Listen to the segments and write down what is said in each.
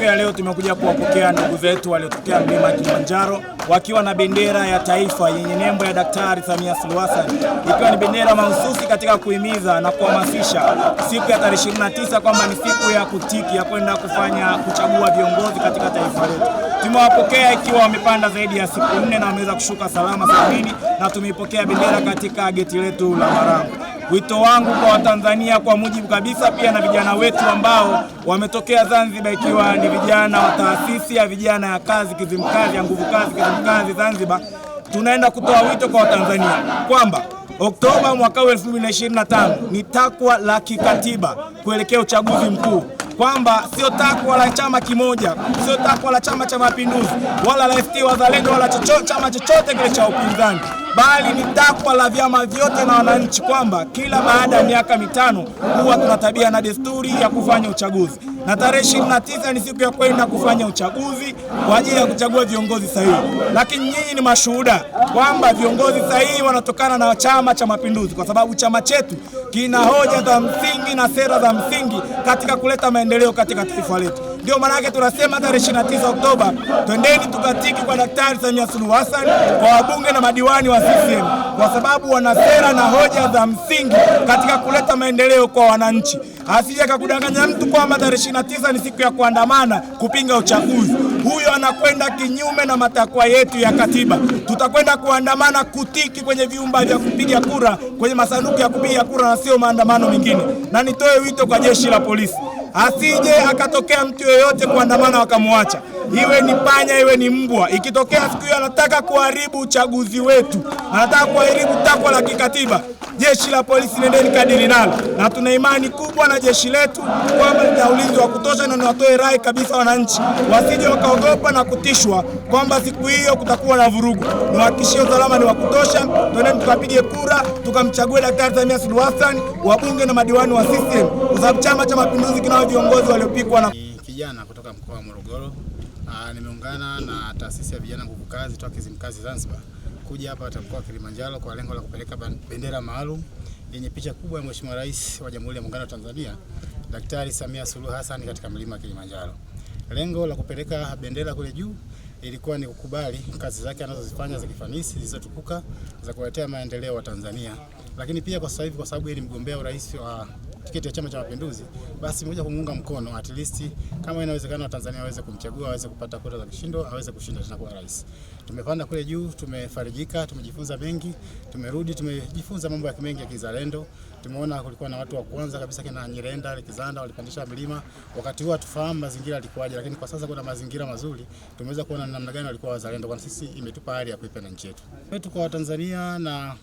siku ya leo tumekuja kuwapokea ndugu zetu waliotokea mlima Kilimanjaro wakiwa na bendera ya taifa yenye nembo ya Daktari Samia Suluhu Hassan, ikiwa ni bendera mahususi katika kuhimiza na kuhamasisha siku ya tarehe 29 kwamba ni siku ya kutiki ya kwenda kufanya kuchagua viongozi katika taifa letu. Tumewapokea ikiwa wamepanda zaidi ya siku nne na wameweza kushuka salama salimini, na tumeipokea bendera katika geti letu la Marangu. Wito wangu kwa Watanzania kwa mujibu kabisa pia na vijana wetu ambao wametokea Zanzibar, ikiwa ni vijana wa taasisi ya vijana ya kazi Kizimkazi ya nguvu kazi Kizimkazi Zanzibar, tunaenda kutoa wito kwa Watanzania kwamba Oktoba mwaka 2025 ni takwa la kikatiba kuelekea uchaguzi mkuu kwamba sio takwa la chama kimoja, sio takwa la Chama cha Mapinduzi wala la ACT Wazalendo wala chocho, chama chochote kile cha upinzani, bali ni takwa la vyama vyote na wananchi, kwamba kila baada ya miaka mitano huwa tuna tabia na desturi ya kufanya uchaguzi na tarehe ishirini na tisa ni siku ya kwenda kufanya uchaguzi kwa ajili ya kuchagua viongozi sahihi. Lakini nyinyi ni mashuhuda kwamba viongozi sahihi wanatokana na Chama cha Mapinduzi, kwa sababu chama chetu kina hoja za msingi na sera za msingi katika kuleta maendeleo katika taifa letu. Ndio yake tunasema tarehe 29 Oktoba, twendeni tukatiki kwa Daktari Samia Suluhu Hassan, kwa wabunge na madiwani wa CCM, kwa sababu wana sera na hoja za msingi katika kuleta maendeleo kwa wananchi. Asije akakudanganya mtu kwamba tarehe 29 ni siku ya kuandamana kupinga uchaguzi. Huyo anakwenda kinyume na matakwa yetu ya katiba. Tutakwenda kuandamana kutiki kwenye vyumba vya kupiga kura, kwenye masanduku ya kupiga kura, na sio maandamano mengine. Na nitoe wito kwa jeshi la polisi asije akatokea mtu yoyote kuandamana wakamwacha iwe ni panya, iwe ni mbwa, ikitokea siku hiyo anataka kuharibu uchaguzi wetu, anataka kuharibu takwa la kikatiba, jeshi la polisi nendeni kadiri nalo, na tuna imani kubwa na jeshi letu kwamba lina ulinzi wa kutosha, na niwatoe rai kabisa wananchi wasije wakaogopa na kutishwa kwamba siku hiyo kutakuwa na vurugu. Niwahakikishie usalama ni wa kutosha. Twendeni tukapige kura, tukamchague Daktari Samia Suluhu Hassan, wabunge na madiwani wa CCM, kwa sababu Chama cha Mapinduzi kinao viongozi waliopikwa na kijana kutoka mkoa wa Morogoro. Ah, nimeungana na taasisi ya vijana nguvu kazi toka Kizimkazi Zanzibar kuja hapa katika mkoa wa Kilimanjaro kwa lengo la kupeleka bendera maalum yenye picha kubwa ya Mheshimiwa Rais wa Jamhuri ya Muungano wa Tanzania Daktari Samia Suluhu Hassan katika mlima wa Kilimanjaro. Lengo la kupeleka bendera kule juu ilikuwa ni kukubali kazi zake anazozifanya za kifanisi zilizotukuka za kuwaletea maendeleo wa Tanzania, lakini pia kwa sasa hivi kwa sababu yeye ni mgombea urais wa tiketi ya Chama cha Mapinduzi, basi moja kumuunga mkono at least, kama inawezekana Watanzania waweze kumchagua, waweze kupata kura za kishindo, aweze kushinda tena kuwa rais. Tumepanda kule juu, tumefarijika, tumejifunza mengi, tumerudi, tumejifunza mambo ya kimengi ya kizalendo. Tumeona kulikuwa na watu wa kwanza kabisa kina Nyirenda Alexander walipandisha milima, wakati huo tufahamu mazingira yalikuwaje, lakini kwa sasa kuna mazingira mazuri, tumeweza kuona namna gani walikuwa wazalendo, kwa sisi imetupa hali ya kuipenda nchi yetu. Kwa Watanzania na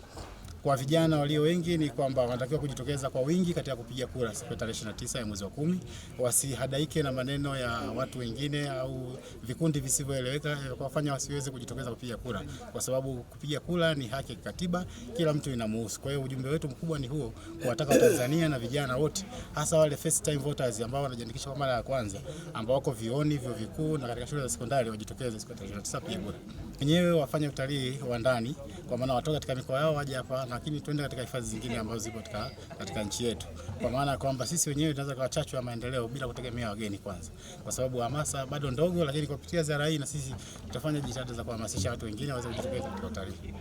kwa vijana walio wengi ni kwamba wanatakiwa kujitokeza kwa wingi katika kupiga kura siku ya tarehe 29 ya mwezi wa kumi. Wasihadaike na maneno ya watu wengine au vikundi visivyoeleweka kuwafanya wasiweze kujitokeza kupiga kura, kwa sababu kupiga kura ni haki ya kikatiba, kila mtu inamuhusu. Kwa hiyo ujumbe wetu mkubwa ni huo, kuwataka Tanzania na vijana wote, hasa wale first time voters ambao wanajiandikisha kwa mara ya kwanza, ambao wako vioni, vyuo vikuu na katika shule za sekondari, wajitokeze siku ya tarehe 29 kupiga kura. Wenyewe wafanye utalii wa ndani, kwa maana watoka katika mikoa yao waje hapa lakini tuende katika hifadhi zingine ambazo zipo katika, katika nchi yetu, kwa maana kwamba sisi wenyewe tunaweza kuwa chachu ya maendeleo bila kutegemea wageni kwanza, kwa sababu hamasa bado ndogo, lakini kupitia ziara hii na sisi tutafanya jitihada za kuhamasisha watu wengine waweze kujitokeza katika utalii.